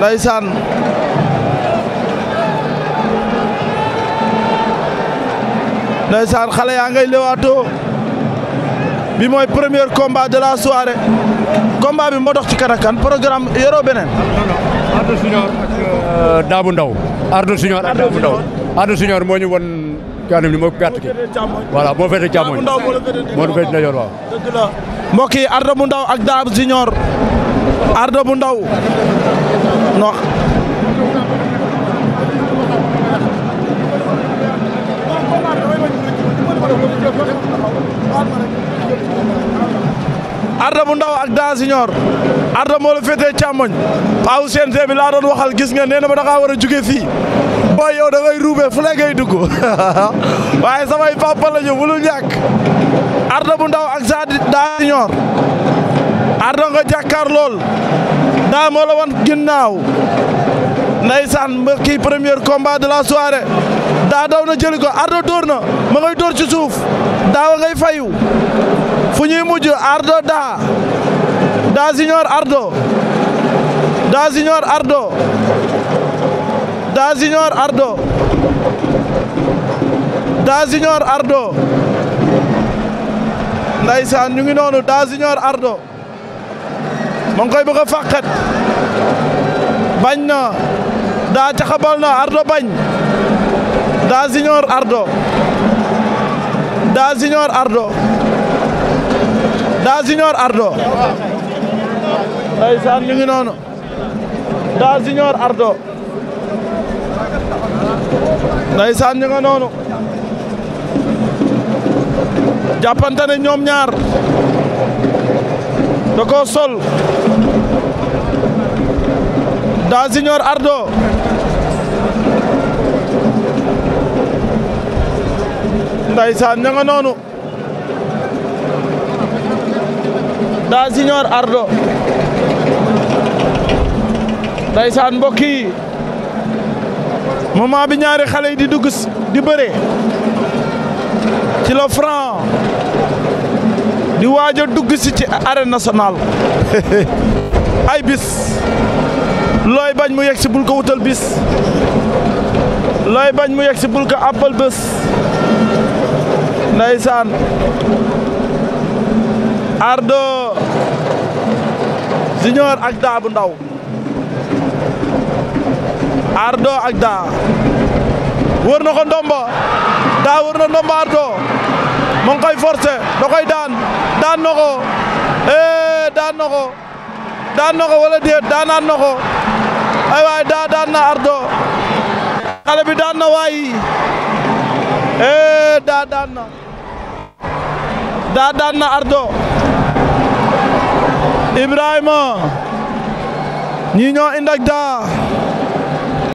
ndeysaan ndeysaan xale yaa ngay lewaatoo bi mooy premier combat de la soirée combat bi moo dox ci kan ak kan programme yoroo beneen. Ardo Junior euh, Ndaw. Ardo Junior ak Daabu Ndaw. Ardo Junior moo ñu won kanam ni moo gàtt ki voilà moo féete càmmoñ moo féete ndijoor waaw. dëgg la mbokk yi Ardo bu Ndaw ak Daabu Junior. Ardo bu ndaw nox Ardo ndaw ak Da Junior Ardo moo la féetee càmmoñ paawu CNG bi laa doon waxal gis nga nee na ma da ngaa war a jóge fii booy yow da ngay ruube fu la ngay dugg waaye samay papa la ñu Ardo bu ndaw ak Da Ardo nga jàkkaar lool daa moo la wan ginnaaw ndeysaan mbokki premier combat de la soirée daa daw na jëli ko Ardo dóor na ma ngay dóor ci suuf daawa ngay fayu fu ñuy mujj Ardo daa daa siñoor Ardo daa siñoor Ardo daa siñoor Ardo daa siñoor Ardo ndeysaan ñu ngi noonu daa siñoor Ardo ma ngi koy bëgg a bañ na daa taxabal na ardo bañ daa siñoor ardo daa siñoor ardo daa siñoor ardo ndeysaan ñu ngi noonu daa siñoor ardo ndeysaan ñu nga noonu jàppante ñoom ñaar da koo sol Ardo ndaysaan ña nga noonu Da Junior Ardo ndaysaan mbokk yi moment bi ñaari xale yi di dugg di bëre ci la di waaj a dugg si ci arène nationale ay bis looy bañ mu yegg si bul ko wutal bis looy bañ mu yegg si bul ko àbbal bés ndeysaan Ardo Junior ak daa bu ndaw Ardo ak daa wër na ko ndomba daa wër na ndomba Ardo mu koy forcé da koy daan Eh, daan na ko daan na daan na ko wala déet daanaat na ko ay waay daa daan na ardo xale bi daan na waay eh, daa na daa daan na ardo Ibrahima ñi ñoo ind ak